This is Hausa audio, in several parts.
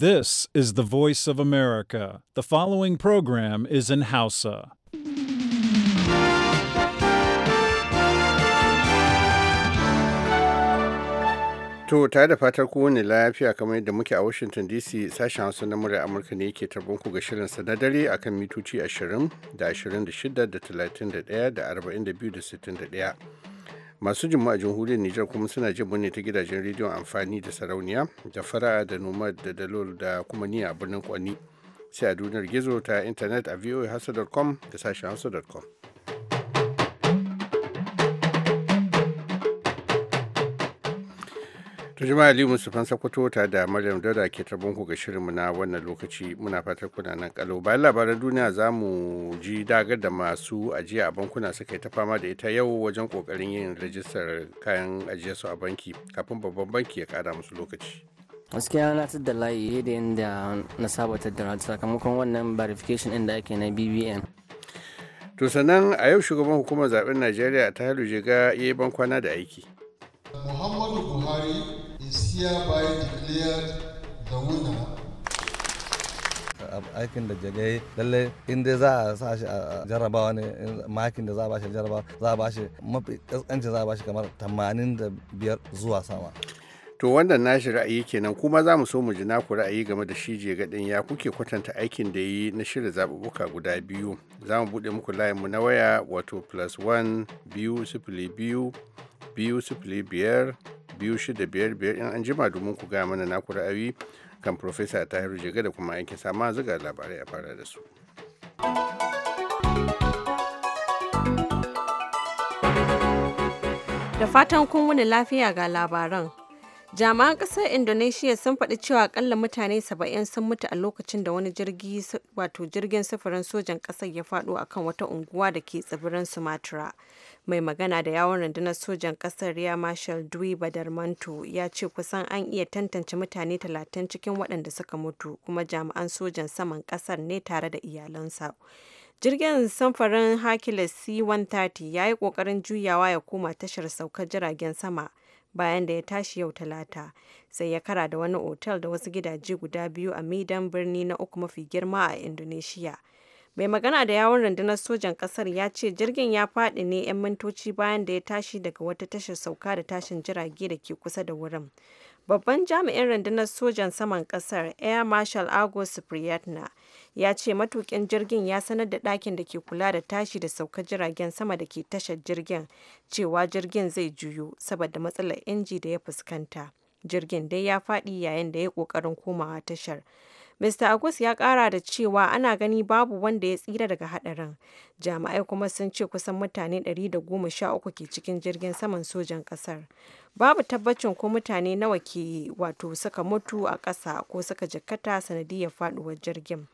This is the voice of America. The following program is in Hausa. To ta da fatar kowane lafiya kamar yadda muke a Washington DC sashen Hausa na murya Amurka ne yake tarbon ku ga shirin sa na dare akan mitoci 20 da 26 da 31 da 42 da 61. masu jima'a jamhuriyar nijar kuma suna jin ne ta gidajen rediyon amfani da sarauniya da fara'a da noma da dalol da kuma niya a birnin kwani sai a duniyar gizo ta intanet a voahausa.com da sashen hasa.com Jama'a Aliyu Mustapha Sokoto ta da Maryam Dauda ke tabon ku ga shirinmu na wannan lokaci muna fatar kuna nan kalau bayan labaran duniya za mu ji dagar da masu ajiya a bankuna suka yi ta fama da ita yau wajen kokarin yin rajistar kayan ajiyarsu a banki kafin babban banki ya kara musu lokaci. gaskiya na da layi da yadda na saba tattara sakamakon wannan verification ɗin da ake na bbn. to sannan a yau shugaban hukumar zaben najeriya ta halu jiga yayi yi bankwana da aiki is hereby declared the winner. aikin da jagai lalle in dai za a sa shi a jarrabawa ne makin da za a bashi jarrabawa za a bashi mafi kaskanci za a bashi kamar 85 zuwa sama to wannan nashi ra'ayi kenan kuma za mu so mu ji naku ra'ayi game da shi gadin ya kuke kwatanta aikin da yi na shirya zaɓuɓɓuka guda biyu za mu buɗe muku layinmu na waya wato plus one biyu sifili biyu biyu sifili biyar biyu shida biyar biyar in an jima domin ku gaya mana naku ra'ayi kan Profesa Tahiru Jega da kuma aikin sama zuga labarai a fara da su. Da fatan kun wani lafiya ga labaran. jami'an ƙasar indonesiya sun faɗi cewa akalla mutane 70 sun mutu a lokacin da wani jirgi wato jirgin sufurin sojan ƙasar ya faɗo kan wata unguwa da ke tsibirin sumatra mai magana da yawon rundunar sojan ƙasar ya marshal dwi badarmanto ya ce kusan an iya tantance mutane 30 cikin waɗanda suka mutu kuma jami'an sojan saman ƙasar ne tare da iyalansa jirgin samfarin hercules c-130 ya yi ƙoƙarin juyawa ya koma tashar saukar jiragen sama bayan da ya tashi yau talata sai ya kara da wani otal da wasu gidaje guda biyu a midan birni na uku mafi girma a indonesia mai magana da yawon rundunar sojan kasar ya ce jirgin ya faɗi ne 'yan mintoci bayan da ya tashi daga wata tashar sauka da tashin jirage da ke kusa da wurin Babban jami'in rundunar sojan saman kasar, Air Marshal Agus Supriyatna, ya ce matukin jirgin ya sanar da ɗakin da ke kula da tashi da sauka jiragen sama da ke tashar jirgin cewa jirgin zai juyo saboda matsalar inji da ya fuskanta. Jirgin dai ya faɗi yayin da ya yi ƙoƙarin komawa tashar. Mr. Agus ya kara da cewa ana gani babu wanda ya tsira daga hadarin. Jami'ai kuma sun ce kusan mutane 113 ke cikin jirgin saman sojan kasar. Babu tabbacin ko mutane nawa ke wato suka mutu a ƙasa ko suka jikkata sanadiyar faduwar jirgin.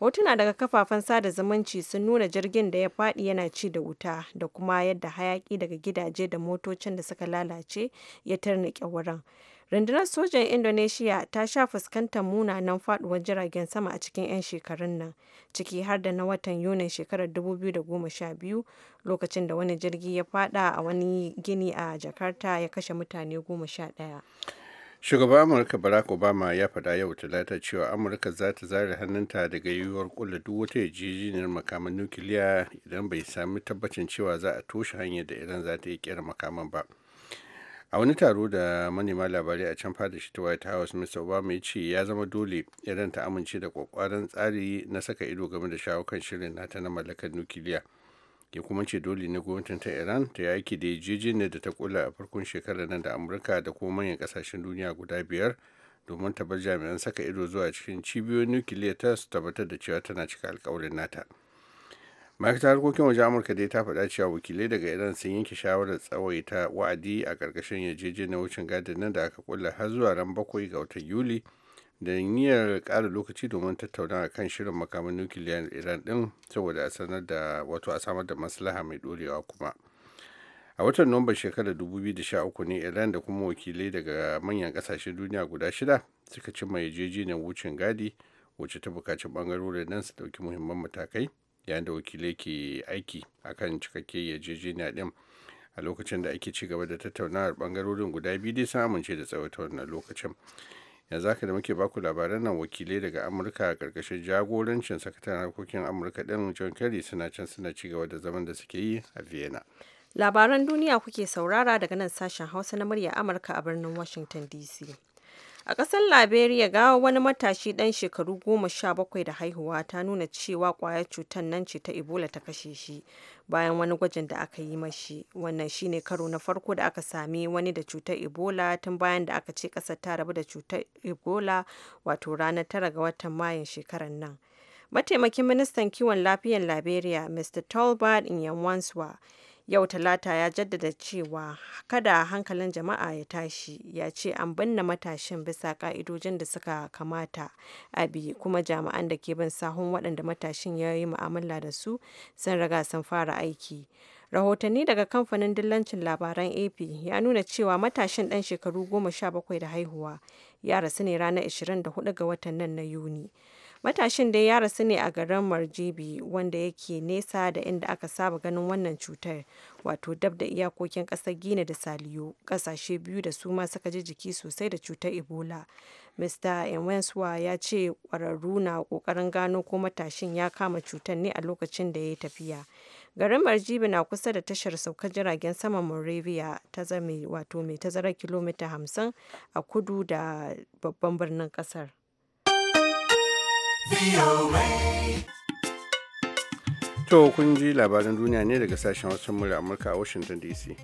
Hotuna daga kafafen sada zumunci sun nuna jirgin da ya fadi yana ci da wuta da kuma yadda hayaki daga gidaje da motocin da suka lalace ya tarnike wurin. rundunar sojan indonesiya ta sha fuskantar munanan faduwar jiragen sama a cikin 'yan shekarun nan ciki har da na watan yunin shekarar 2012 lokacin da wani jirgi ya fada a wani gini a jakarta ya kashe mutane 11 shugaban amurka barack obama ya fada yau talata cewa amurka za ta zare hannunta daga yiwuwar kula duk wata yarjejeniyar makaman nukiliya idan bai sami tabbacin cewa za a toshe hanyar da iran za ta yi kera makaman ba a wani taro da manema labarai a can fada shi ta white house mr obama ya ce ya zama dole iran ta amince da kwakwaran tsari na saka ido game da shawo shirin nata na mallakar nukiliya ya kuma ce dole ne gwamnatin ta iran ta yi aiki da yarjejeniyar da ta kula a farkon shekarar nan da amurka da kuma manyan kasashen duniya guda biyar domin ta bar jami'an saka ido zuwa cikin cibiyoyin nukiliya ta su tabbatar da cewa tana cika alkawarin nata ma'aikatar harkokin waje amurka dai ta faɗa cewa wakilai daga iran sun yanke shawarar tsawaita wa'adi a ƙarƙashin yarjejeniyar wucin gadi nan da aka kulla har zuwa ran bakwai ga watan yuli da niyyar ƙara lokaci domin tattaunawa kan shirin makaman nukiliyar iran ɗin saboda a sanar da wato a samar da maslaha mai ɗorewa kuma a watan nuwamban shekarar 2013 ne iran da kuma wakilai daga manyan ƙasashen duniya guda shida suka cimma yarjejeniyar wucin gadi wacce ta buƙaci ɓangarorin nan su ɗauki muhimman matakai yayin da wakilai ke aiki akan cikakke yarjejeniya din a lokacin da ake ci gaba da tattaunawar bangarorin guda biyu dai sun amince da tsawaita wannan lokacin yanzu haka da muke baku labaran nan wakilai daga amurka a karkashin jagorancin sakataren harkokin amurka din john kerry suna can suna ci gaba da zaman da suke yi a vienna labaran duniya kuke saurara daga nan sashen hausa na murya amurka a birnin washington dc A ƙasar Liberia gawa wani matashi ɗan shekaru goma sha bakwai da haihuwa ta nuna cewa ƙwayar cutar nan ce ta Ebola ta kashe shi bayan wani gwajin da aka yi mashi. Wannan shine karo na farko da aka sami wani da cutar Ebola tun bayan da aka ce ƙasar ta rabu da cutar Ebola wato ranar tara ga watan mayan shekarar nan. Mataimakin ministan kiwon lafiyan Liberia, Mr. Talbot Nyawanswa, yau talata ya jaddada cewa kada hankalin jama'a ya tashi ya ce an binne matashin bisa ka'idojin da suka kamata a bi kuma jami'an da ke bin sahun waɗanda matashin ya yi mu'amala da su sun riga sun fara aiki rahotanni daga kamfanin dillancin labaran ap ya nuna cewa matashin ɗan shekaru goma sha bakwai da haihuwa ya rasu ne ranar 24 ga watan nan na yuni Matashin dai ya rasu ne a garin marjibi wanda yake nesa da inda aka saba ganin wannan cutar, wato dab da iyakokin kasar gina da Saliyo, kasashe biyu da su ma suka ji jiki sosai da cutar Ebola. Mr. Nwenswa ya ce ƙwararru na ƙoƙarin gano ko matashin ya kama cutar ne a lokacin da ya tafiya. Garin Marjibi na kusa da tashar saukar jiragen saman moravia ta zame wato mai tazarar kilomita 50 a kudu da babban birnin kasar. To kun ji labarin duniya ne daga sashen wasu murya Amurka a Washington DC.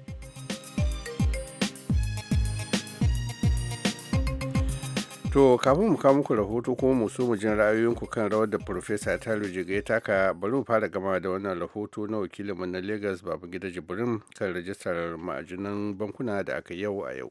To kafin mu kawo muku rahoto kuma mu so mu jin ra'ayoyinku kan rawar da Profesa Talo Jigai taka bari mu fara gama da wannan rahoto na wakilinmu na Lagos Babangida Jibrin kan rajistar ma'ajinan bankuna da aka yau a yau.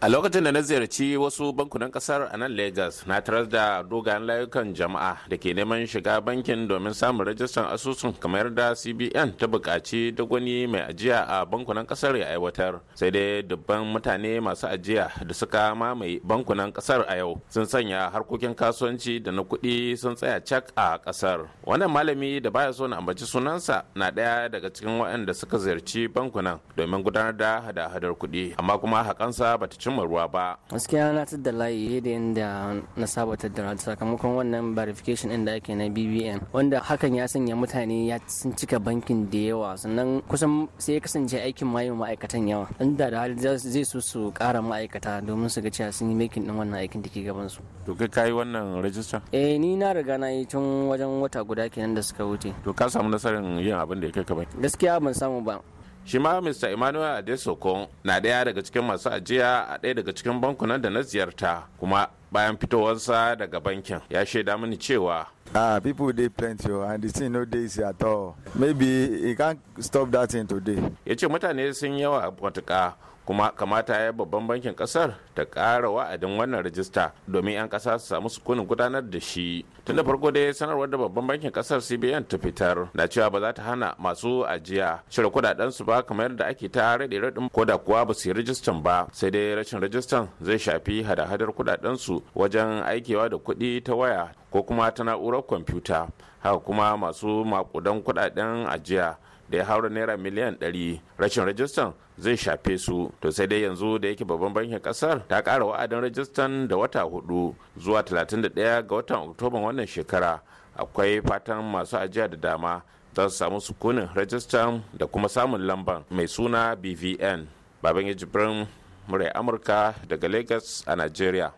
a lokacin da na ziyarci wasu bankunan kasar a nan lagos na tarar da dogayen layukan jama'a da ke neman shiga bankin domin samun rajistan asusun kamar da cbn ta buƙaci duk wani mai ajiya a bankunan kasar ya aiwatar sai dai dubban mutane masu ajiya da suka mamaye bankunan kasar a yau sun sanya harkokin kasuwanci da na kuɗi sun tsaya cak a kasar wannan malami da baya so na ambaci sunansa na ɗaya daga cikin waɗanda suka ziyarci bankunan domin gudanar da hada-hadar kuɗi amma kuma hakansa bata ci cimma ruwa ba gaskiya na da layi da yadda na saba tattara sakamakon wannan verification din da ake na bbm wanda hakan ya sanya mutane ya sun cika bankin da yawa sannan kusan sai ya kasance aikin mayu ma'aikatan yawa inda da hali zai so su kara ma'aikata domin su ga cewa sun yi makin din wannan aikin da ke gaban su to kai ka yi wannan rajista eh ni na riga na yi tun wajen wata guda kenan da suka wuce to ka samu nasarar yin abin da ya kai ka bai gaskiya ban samu ba shi ma mr emmanuel adesoko na daya daga cikin masu ajiya a daya daga cikin bankunan da na ziyarta kuma bayan fitowarsa daga bankin ya shaida mini cewa Ah, people dey plenty oh, and the thing no dey easy at all. Maybe he can't stop that thing today. Ya ce mutane sun yawa matuƙa kuma kamata ya babban bankin kasar ta ƙara wa'adin wannan rajista domin 'yan ƙasa su samu sukunin gudanar da shi tun da farko dai sanarwar da babban bankin kasar cbn ta fitar na cewa ba za ta hana masu ajiya cire kudaden su ba kamar yadda ake ta rade radin ko da kuwa ba su yi rajistan ba sai dai rashin rajistan zai shafi hada-hadar kudaden su wajen aikewa da kuɗi ta waya ko kuma ta na'urar kwamfuta haka kuma masu makudan kudaden ajiya da ya haura naira miliyan 100 rashin rajistan zai shafe su to sai dai yanzu da yake babban bankin kasar ta kara wa'adin rajistan da wata hudu zuwa 31 ga watan oktoban wannan shekara akwai fatan masu ajiya da dama za su samu sukunin rajistan da kuma samun lamban mai suna bvn baban ya jibrin murai amurka daga lagos a nigeria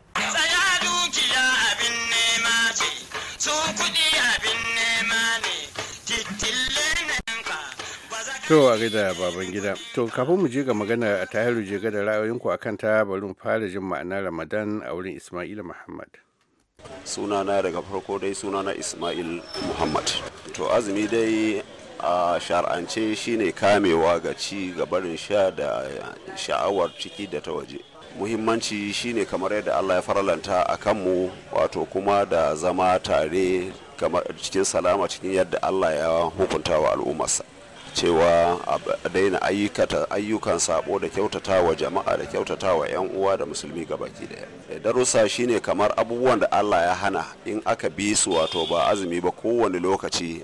To a gaida baban gida. To kafin mu je ga magana a tahiru je da ra'ayoyinku a kan ta bari mu fara jin ma'ana Ramadan a wurin Isma'il Muhammad. Sunana daga farko dai sunana Ismail Muhammad. To azumi dai a shar'ance shine kamewa ga ci gabarin sha da sha'awar ciki da ta waje. Muhimmanci shine kamar yadda Allah ya faralanta a kanmu wato kuma da zama tare cikin salama cikin yadda Allah ya hukunta wa al'ummarsa. cewa a daina ayyukan sabo da kyautata wa jama'a da kyautata wa 'yan uwa da musulmi baki daya eh, darussa shine kamar abubuwan da allah ya hana in aka bi su wato ba azumi ba kowane lokaci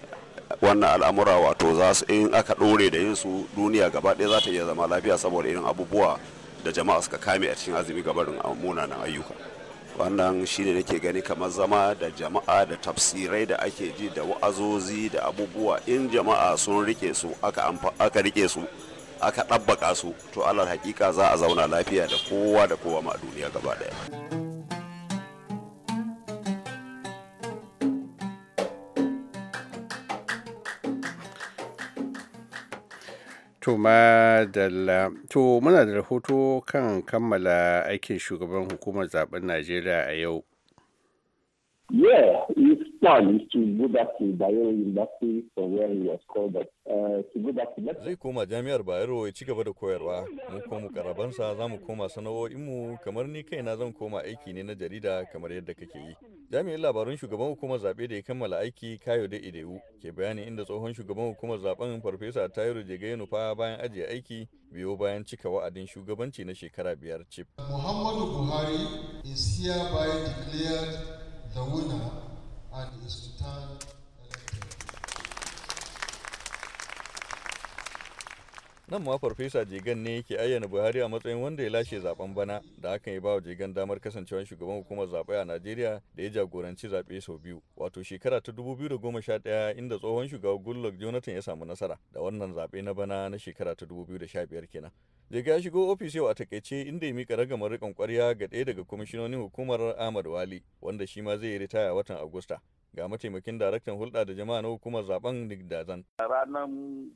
wannan al'amura wato za su in aka ɗore da yin su duniya gaba ɗaya za ta iya zama lafiya saboda irin abubuwa da jama'a suka kame a cikin azumi gabarin munanan ayyuka wannan shi shine nake gani kamar zama da jama'a da tafsirai da ake ji da wa'azozi da abubuwa in jama'a sun rike su aka riƙe rike su aka ɗabbaka su to alal hakika za a zauna lafiya da kowa da kowa ma duniya gaba ɗaya. To to muna da rahoto kan kammala aikin shugaban hukumar zaben Najeriya a yau. Yeah, is uh, Zai koma jami'ar Bayero ya ci gaba da koyarwa, mu mu karabansa za mu koma sana'o'inmu kamar ni kaina zan koma aiki ne na jarida kamar yadda kake yi. Jami'in labarun shugaban hukumar zaɓe da ya kammala aiki kayo da Idewu ke bayani inda tsohon shugaban hukumar zaɓen Farfesa Tairo Jega fa bayan ajiye aiki biyo bayan cika wa'adin shugabanci na shekara biyar cif. Muhammadu Buhari is hereby declared the winner and his return nan ma farfesa jigan ne yake ayyana buhari a matsayin wanda ya lashe zaben bana da hakan ya bawa jigan damar kasancewar shugaban hukumar zaɓe a najeriya da ya jagoranci zaɓe sau biyu wato shekara ta 2011 inda tsohon shugaban goodluck jonathan ya samu nasara da wannan zaɓe na bana na shekara ta 2015 kenan jiga ya shigo ofis yau a takaice inda ya mika ragamar rikon kwarya ga ɗaya daga kwamishinonin hukumar ahmad wali wanda shi ma zai yi ritaya watan agusta ga mataimakin daraktan hulɗa da jama'a na hukumar zaben Nigdazan. a Ranar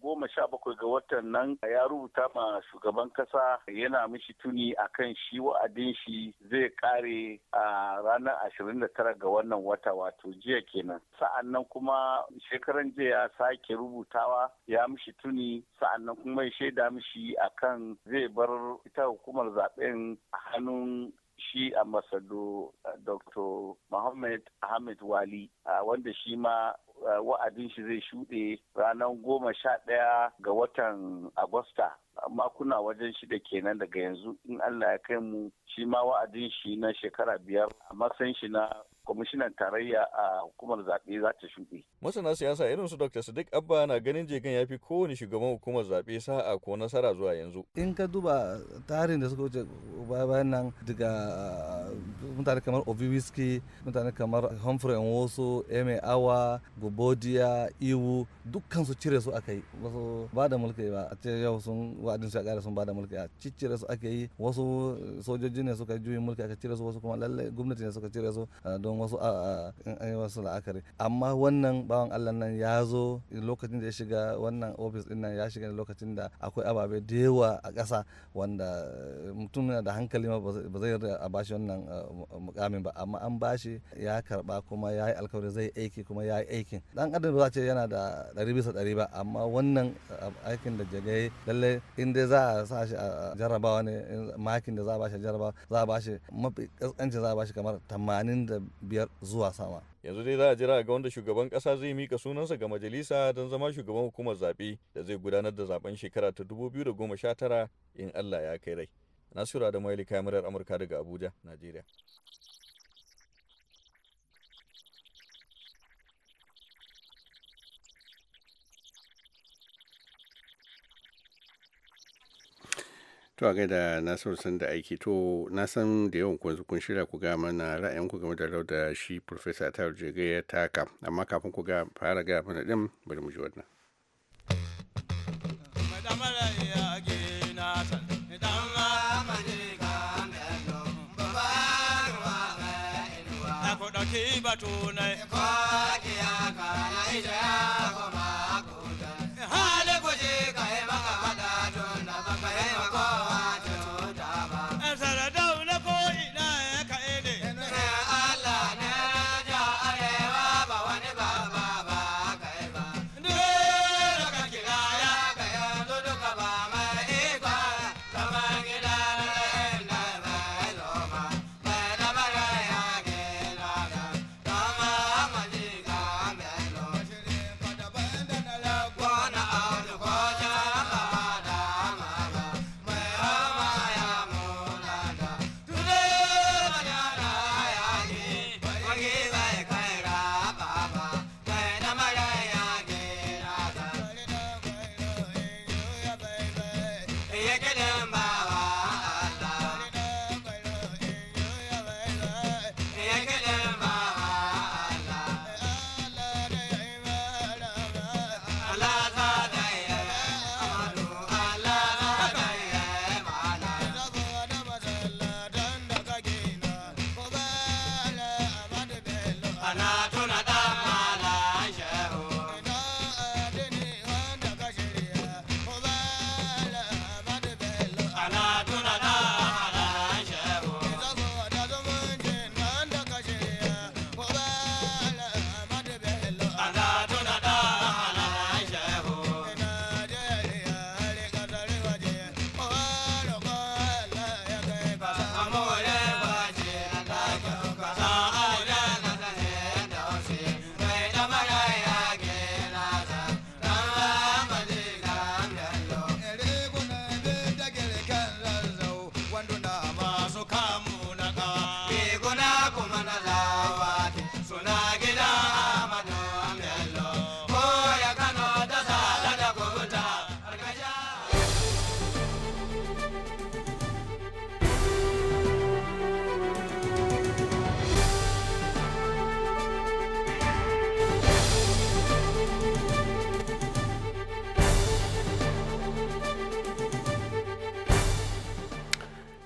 goma sha bakwai ga watan nan ya rubuta ma shugaban kasa yana mishi tuni akan shi wa'adin shi zai kare a ranar ashirin da tara ga wannan wata wato jiya kenan. Sa'an nan kuma shekaran jiya ya sake rubutawa ya mishi tuni sa'an nan kuma ya shaida mishi akan zai bar ita hukumar zaben a hannun shi a masado uh, dr Muhammad Ahmed Wali uh, wanda shi ma uh, wa'adin shi zai shuɗe ranar goma sha ɗaya ga watan Agusta Amma kuna wajen shida kenan daga yanzu in Allah ya kai mu shi ma wa'adin shi na shekara biyar a matsayin shi na kwamishinan tarayya a hukumar zaɓe za ta shuɗe. Masana siyasa irin su Dr. Sadiq Abba na ganin jegan ya fi kowane shugaban hukumar zaɓe sa'a ko nasara zuwa yanzu. In ka duba tarin da suka wuce bayan nan daga uh, mutane kamar Obiwiski, mutane kamar Humphrey Nwosu, Eme Awa, Gobodiya, Iwu, dukkan su cire su aka yi. Wasu ba da mulki ba, a ce yau sun wa'adin su ya ƙara sun ba da mulki a ciccire su aka yi. Wasu sojoji ne suka juyin mulki aka cire su, wasu kuma lallai gwamnati ne suka cire su uh, don wasu wasu la'akari amma wannan bawan allah nan ya zo lokacin da ya shiga wannan ofis din nan ya shiga lokacin da akwai ababe da yawa a ƙasa wanda eh, mutum na da hankali ma ba zai a bashi wannan eh, mukamin eh, ba amma an bashi ya karba kuma ya yi alkawari zai aiki kuma ya yi aikin dan adam ba ce yana da ɗari bisa ɗari ba amma wannan aikin da jagai lalle in dai za a sa shi a jarrabawa ne makin da za a bashi jarrabawa za a bashi mafi ƙasƙanci za a bashi kamar tamanin da biyar zuwa sama yanzu dai za a jira ga wanda shugaban kasa zai mika sunansa ga majalisa don zama shugaban hukumar zaɓe da zai gudanar da zaben shekara ta 2019 in Allah ya kai rai nasiru Adamu Ali, kamarar amurka daga abuja najeriya To a gaida na san da aiki to na san da yawan kunzu kun shirya ku ga mana ra'ayin ku game da rau da shi Profesa Tayo Jege ya taka amma kafin ku ga fara ga mana din bari mu ji wannan. Ki batu ne, ki na ija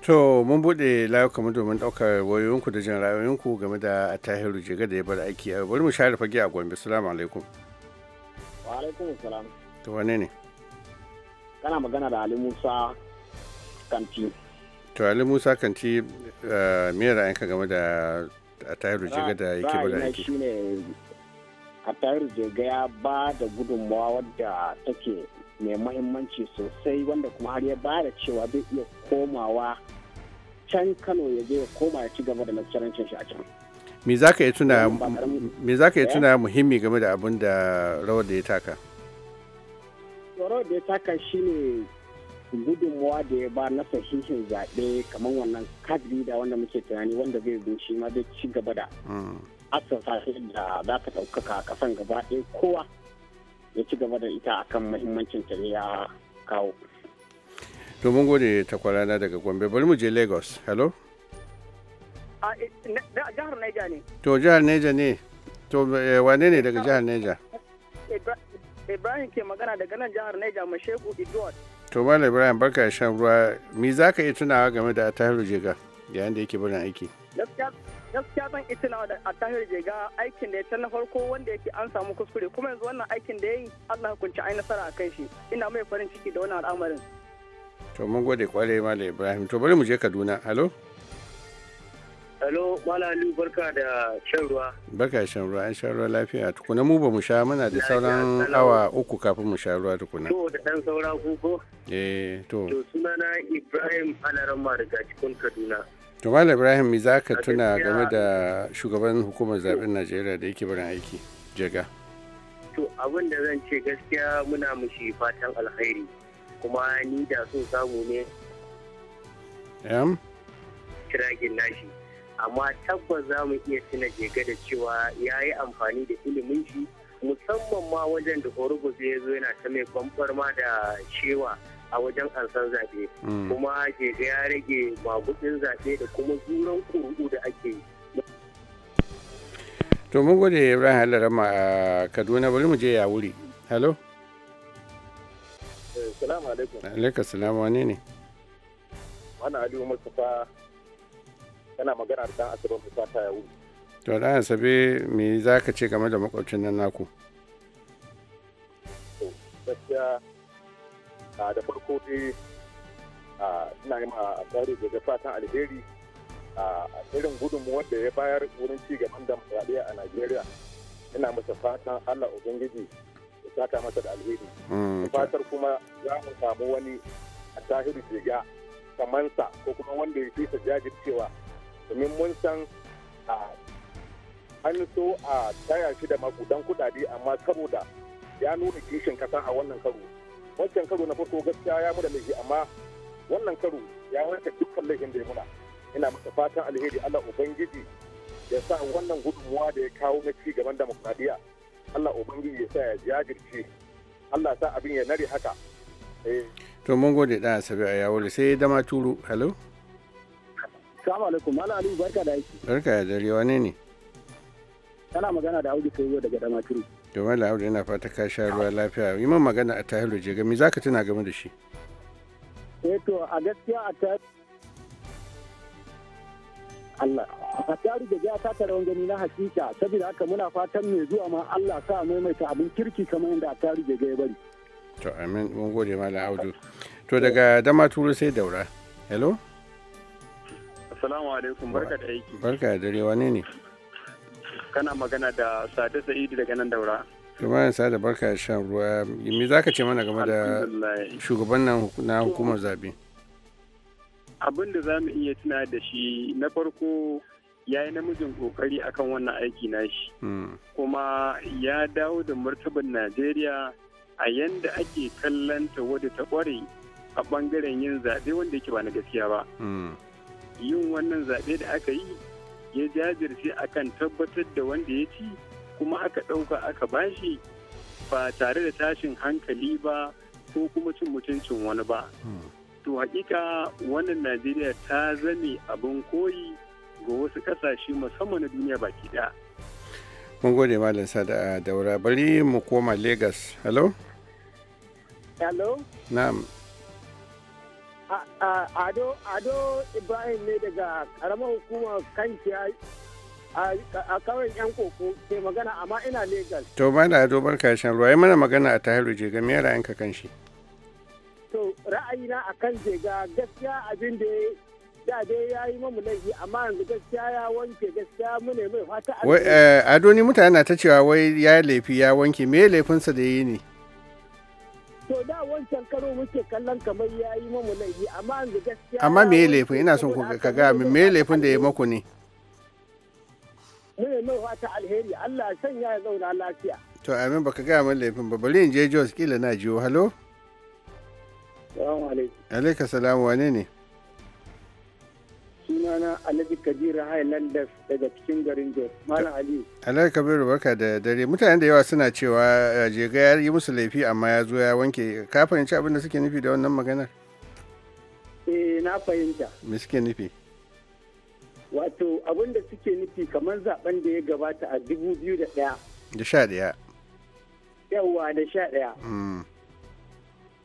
To mun buɗe layukanmu domin ɗaukar wayoyinku da jin ra'ayoyinku game da tahiru jiga da ya bar aiki a bari mu share fage a gombe salamu alaikum. Wa alaikum salam. To wane ne? Kana magana da Ali Musa Kanti. To Ali Musa Kanti eh, me ra'ayinka game da tahiru jiga da yake bar aiki? shine a tahiru jiga ya ba da gudunmawa wadda take mai mahimmanci sosai wanda kuma har ya bada cewa zai iya komawa can kano ya je koma ya ci gaba da lakcarancin shi a can me za ka yi eh? tuna muhimmi game da abin da rawar da ya taka rawar da ya taka shi ne gudunmuwa da ya ba na sahihin zaɓe kamar wannan kadri da wanda muke tunani wanda zai zo shi ma zai ci gaba da mm. asasa da za ka ɗaukaka a ƙasan gaba ɗaya kowa ya ci gaba da ita akan muhimmancin ta ya kawo to mun gode takwarana daga gombe bari mu je lagos hello eh, jihar neja ne to jihar neja ne to eh, wane ne daga jihar neja ibrahim ke magana daga nan jihar neja mashegu idward to malam ibrahim barka da shan ruwa me za ka iya tunawa game da tahiru jega yayin da yake birnin aiki gaskiya zan na da attahir jega aikin da ya ta na farko wanda yake an samu kuskure kuma yanzu wannan aikin da ya yi allah hukunci ai nasara a kan shi ina mai farin ciki da wannan al'amarin to mun gode kwarai da ibrahim to bari mu je kaduna halo halo mala aliyu barka da shan ruwa barka shan ruwa an shan ruwa lafiya tukuna mu ba mu sha muna da sauran awa uku kafin mu sha ruwa tukuna to da ɗan saura ko eh to to sunana ibrahim alaramma daga cikin kaduna to mal ibrahim zaka za tuna game da shugaban hukumar zaben najeriya da yake barin aiki jega to abin da zan ce gaskiya muna mushi fatan alkhairi kuma ni da so samu ne yam kiragin nashi amma tabbas za mu iya tuna jega da cewa ya yi amfani da ilimin shi musamman ma wajen da horogo ya zo yana ta mai kwamfar ma da cewa. a wajen ansan zaɓe mm. kuma ke ya rage magudin zaɓe da kuma zuran kuru'u da ake yi to mun gode ibrahim halarama a kaduna bari mu je ya wuri hello eh, salamu alaikum alaikum salamu wane ne wani aliyu mustapha yana magana da dan asirin mustapha ta yawu to da dan asabe me za ka ce game da makwabcin nan naku gaskiya da farko dai ina yi ma tsari ga fatan alheri a irin gudunmuwar da ya bayar wurin ci gaban damfaraɗiya a najeriya ina masa fatan allah ubangiji ya saka masa da alheri mm, fatar kuma za mu samu wani a tahiru jega kamansa ko kuma wanda ya fisa jajircewa domin mun san an so a taya shi da makudan kudade amma saboda ya nuna kishin kasa a wannan karo wancan karo na farko gaskiya ya muda laifi amma wannan karo ya wanke dukkan laifin da ya muna ina masa fatan alheri Allah ubangiji ya sa wannan gudunmuwa da ya kawo na ci gaban demokradiyya Allah ubangiji ya sa ya jajirce Allah sa abin ya nare haka eh. to mun gode da sabi a yawuri sai dama turu hello salamu alaikum malam barka da aiki barka da dare wane ne kana magana da audu kai daga dama turu domin da yana fata ka sha ruwa lafiya yi man magana a tahiru je gami za ka tuna game da shi eh a gaskiya a ta Allah a taru da ya taka rawan gani na hakika saboda haka muna fatan mai zuwa ma Allah sa maimaita abin kirki kamar yadda a taru da ya bari to amin mun gode ma audu to daga dama turu sai daura hello assalamu alaikum barka da aiki barka da dare wane ne kana magana da Sade Sa'idu daga nan daura. yin Sade barka da shan ruwa. Me za ka ce mana game da shugaban nan na hukumar zabe? Abin da za mu iya tuna da shi na farko ya yi namijin kokari akan wannan aiki na nashi. Hmm. Kuma ya dawo da martaban Najeriya a yanda ake kallon ta wadda ta kware a ɓangaren yin zaɓe wanda yake ba na gaskiya ba. Hmm. Yin wannan zaɓe da aka yi ya jajirce akan tabbatar da wanda ya ci kuma aka ɗauka aka bashi ba tare da tashin hankali ba ko kuma cin mutuncin wani ba. Hmm. To hakika wannan Najeriya ta zame abin koyi ga wasu ƙasashe musamman na duniya baki ɗaya. Mun gode Malam Sada Daura bari mu koma Legas. Hello? Hello? Na'am. Ado Ibrahim ne daga karamar hukumar kanciya a kawai yan koko ke magana amma ina legal. To da Ado barka shan ruwa yi mana magana a Tahiru game me yanka kan shi? To ra'ayina a kan ga gaskiya abin da da dai ya yi mamu laifi amma yanzu gaskiya ya wanke gaskiya mu mai fata. Eh, Ado ni mutane na ta cewa wai ya laifi ya wanke me laifinsa da yi ne? to da wancan karo muke kallon kamar ya yi mamu laifi amma yanzu gaskiya amma me ya laifin ina son ka ga min me laifin da ya maku ne mune mai fata alheri Allah sanya ya zauna lafiya to amin baka ga min laifin ba bari in je Jos kila na jiyo halo salamu alaikum alaikum salamu wane ne sunana Alhaji Kabiru Highlanders daga cikin garin Jos. Malam Ali. Alhaji Kabiru barka da dare. Mutane da yawa suna cewa eh, jega ya yi musu laifi amma ya zo ya wanke. Ka fahimci abin da suke nufi da wannan maganar? Eh na fahimta. Me suke nufi? Wato abin da suke nufi kamar zaben da ya gabata a dubu biyu da ɗaya. Da sha ɗaya. Yawwa da sha ɗaya. Hmm.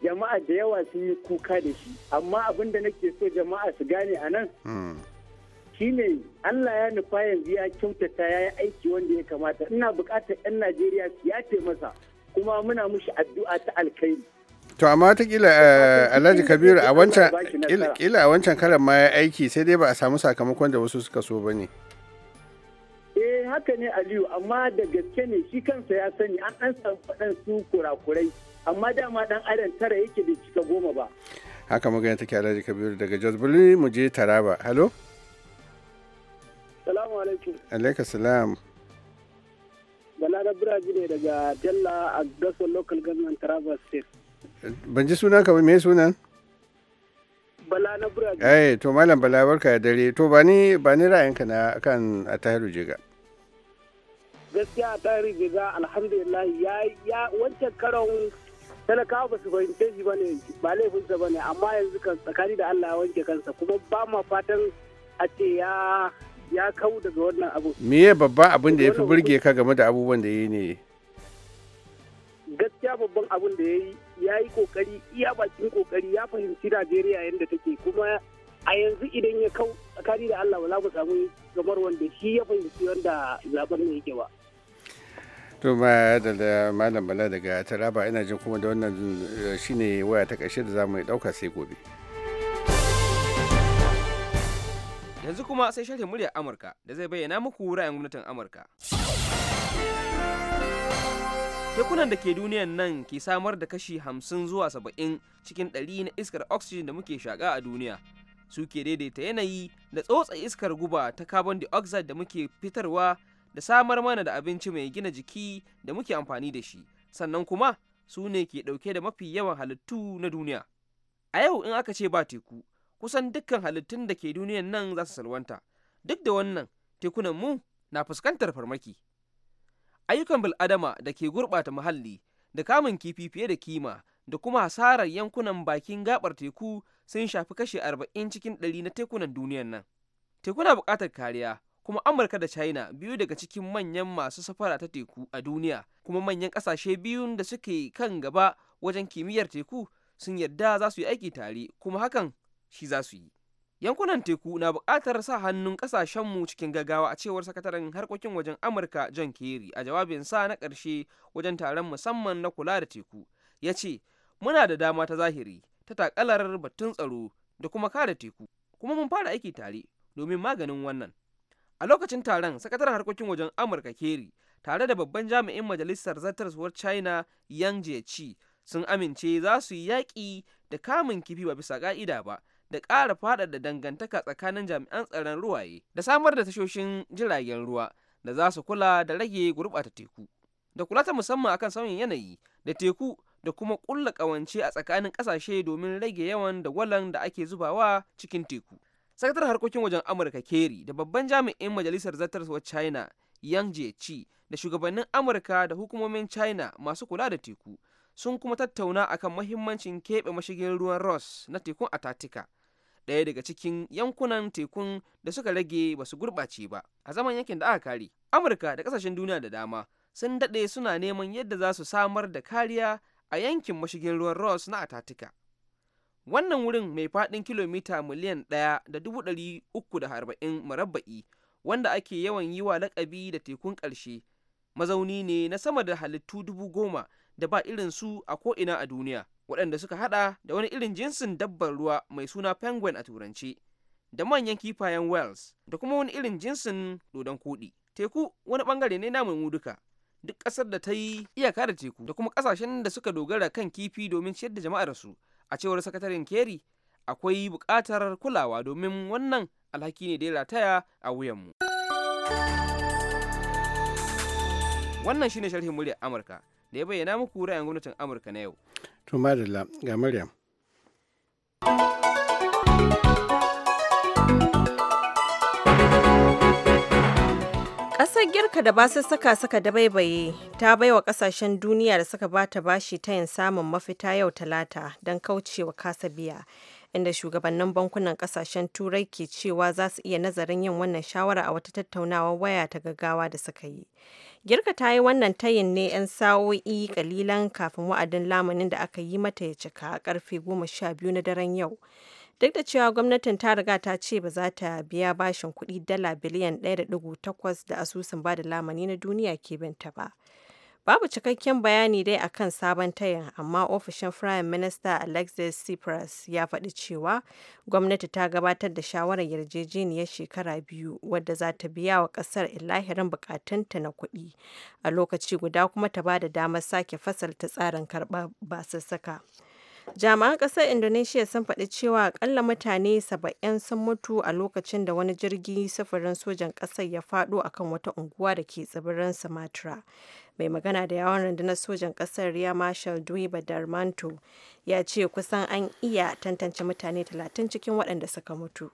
jama'a da yawa sun yi kuka da shi amma abin da nake so jama'a su gane a nan hmm. shine Allah ya nufa yanzu ya kyautata ya yi aiki wanda ya kamata ina bukatar 'yan Najeriya su ya masa kuma muna mushi addu'a ta alkhairi. To amma eh, kila Alhaji Kabiru a wancan kila a wancan karan ma ya aiki sai dai ba a samu sakamakon da wasu suka so ba ne. Eh haka ne Aliyu amma da gaske ne shi kansa ya sani an an samu waɗansu kurakurai amma dama dan adam tara yake da cika goma ba. Haka magana take Alhaji Kabiru daga Jos mu je Taraba. Hello. Salamu alaikum. Alaikum salam. Balarabe biraji ne daga Jalla a Gaso Local Government Traverse State. Ban ji sunan ka ba me sunan? Bala na biraji. Eh to malam Bala barka da dare. To ba ni ba ni ra'ayinka na kan Atahiru Jega. Gaskiya Atahiru Jega alhamdulillah ya ya wancan karon talakawa ba su fahimce shi ne ba laifinsa ne amma yanzu kan tsakani da Allah ya wanke kansa kuma ba ma fatan a ce ya ya kau daga wannan abu meye babban abin da ya fi burge ka game da abubuwan da ya yi ne gaskiya babban abin da ya yi ya yi kokari iya bakin kokari ya fahimci najeriya yadda take kuma a yanzu idan ya kau tsakani da allah wala ku samu gamar wanda shi ya fahimci wanda zaben ne yake ba to ma da malam bala daga taraba ina jin kuma da wannan eh, shine waya ta ƙarshe da za mu ɗauka sai gobe. Yanzu kuma sai shirin muryar Amurka da zai bayyana muku ra'ayin gwamnatin Amurka. Tekunan da ke duniyan nan ke samar da kashi hamsin zuwa saba'in cikin ɗari na iskar oxygen da muke shaƙa a duniya. Su ke daidaita yanayi da tsotsa iskar guba ta carbon dioxide da muke fitarwa da samar mana da abinci mai gina jiki da muke amfani da shi sannan kuma su ne ke ɗauke da mafi yawan halittu na duniya a yau in aka ce ba teku kusan dukkan halittun da ke duniyan nan za su salwanta duk da wannan tekunan mu na fuskantar farmaki ayyukan bil'adama da ke gurɓata muhalli da kamun kifi fiye da kima da kuma hasarar yankunan bakin gabar teku sun shafi kashe arba'in cikin ɗari na tekunan duniyan nan tekuna buƙatar kariya kuma amurka da china biyu daga cikin manyan masu safara ta teku a duniya kuma manyan ƙasashe biyun da suke kan gaba wajen kimiyyar teku sun yarda za su yi aiki tare kuma hakan shi za su yi yankunan teku na buƙatar sa hannun ƙasashenmu cikin gaggawa a cewar sakataren harkokin wajen amurka john kerry a jawabinsa na ƙarshe wajen taron musamman na kula da teku ya ce muna da dama ta zahiri ta takalar batun tsaro da kuma kare teku kuma mun fara aiki tare domin maganin wannan a lokacin taron sakataren harkokin wajen amurka Kerry, tare da babban jami'in majalisar zartarsuwar china yang jiechi sun amince za su yi yaƙi da kamun kifi ba bisa ƙa'ida ba da ƙara faɗaɗa dangantaka tsakanin jami'an tsaron ruwaye da samar da tashoshin jiragen ruwa da za su kula da rage gurɓata teku da kula ta musamman akan sauyin yanayi da teku da kuma ƙulla ƙawance a tsakanin ƙasashe domin rage yawan da walan da ake zubawa cikin teku sakatar harkokin wajen amurka keri da babban jami'in majalisar zartarwa china yang jiechi da shugabannin amurka da hukumomin china masu kula da teku sun kuma tattauna akan mahimmancin keɓe mashigin ruwan ross na tekun atatika ɗaya daga cikin yankunan tekun da suka rage ba su gurɓace ba a zaman yankin da aka kare amurka da ƙasashen duniya da dama sun daɗe suna neman yadda za su samar da kariya a yankin mashigin ruwan ross na atatika wannan wurin mai faɗin kilomita miliyan ɗaya da dubu ɗari uku da arba'in marabba'i wanda ake yawan yi wa laƙabi da tekun ƙarshe mazauni ne na sama da halittu dubu goma da ba irin su a ko'ina a duniya waɗanda suka haɗa da wani irin jinsin dabbar ruwa mai suna penguin a turanci da manyan kifayen wales da kuma wani irin jinsin dodon kuɗi teku wani ɓangare ne namun mu duka duk ƙasar da ta yi iyaka da teku da kuma ƙasashen da suka dogara kan kifi domin ciyar da jama'ar su a cewar sakataren keri akwai buƙatar kulawa domin wannan alhaki ne da ya rataya a wuyanmu. Wannan shine sharhin muryar Amurka da ya bayyana muku ra'ayin gwamnatin amurka na yau to madalla ga maryam Ƙasar Girka da basussuka saka da baibaye ta baiwa ƙasashen duniya da suka bata bashi ta yin samun mafita yau talata don kaucewa kasa biya. inda shugabannin bankunan kasashen turai ke cewa za su iya nazarin yin wannan shawara a wata tattaunawar waya ta gaggawa da suka yi girka ta yi wannan tayin ne 'yan sa'o'i kalilan kafin wa'adin lamunin da aka yi mata ya cika a karfe 12 na daren yau duk da cewa gwamnatin ta riga ta ce ba za ta biya bashin kuɗi dala biliyan 1.8 da asusun bada lamani na duniya ke binta ba Babu cikakken bayani dai akan sabon tayin, amma ofishin Firayim Minista Alexis Tsipras ya faɗi cewa gwamnati ta gabatar da shawarar yarjejeniyar shekara biyu wadda za ta biya wa ƙasar ilahirin bukatunta na kuɗi, a lokaci guda kuma ta ba da damar sake fasalta tsarin karɓar basussuka. jami'an ƙasar indonesiya sun faɗi cewa akalla mutane saba'in sun mutu a lokacin da wani jirgi sufurin sojan ƙasar ya faɗo akan wata unguwa da ke tsibirin sumatra mai magana da yawon rundunar sojan ƙasar riya marshal dui badarmanto ya ce kusan an iya tantance mutane 30 cikin waɗanda suka mutu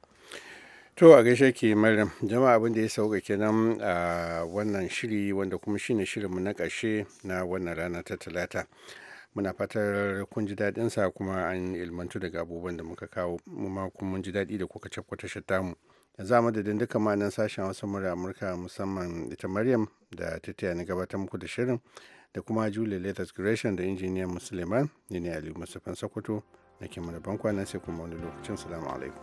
to a gaishe ke maryam jama'a abin da ya sauka kenan a wannan shiri wanda kuma shine shirinmu na ƙarshe na wannan rana ta talata muna fatar kun ji dadinsa kuma an ilmantu daga abubuwan da muka kawo mu ma kun mun ji daɗi da kuka cakwata shatta mu za mu da dinduka manan sashen wasu murya amurka musamman ita maryam da ta taya ni gabatar muku da shirin da kuma julie latest gresham da injiniyan musulman ne ne ali musafan sokoto na kimar kwana sai kuma wani lokacin salamu alaikum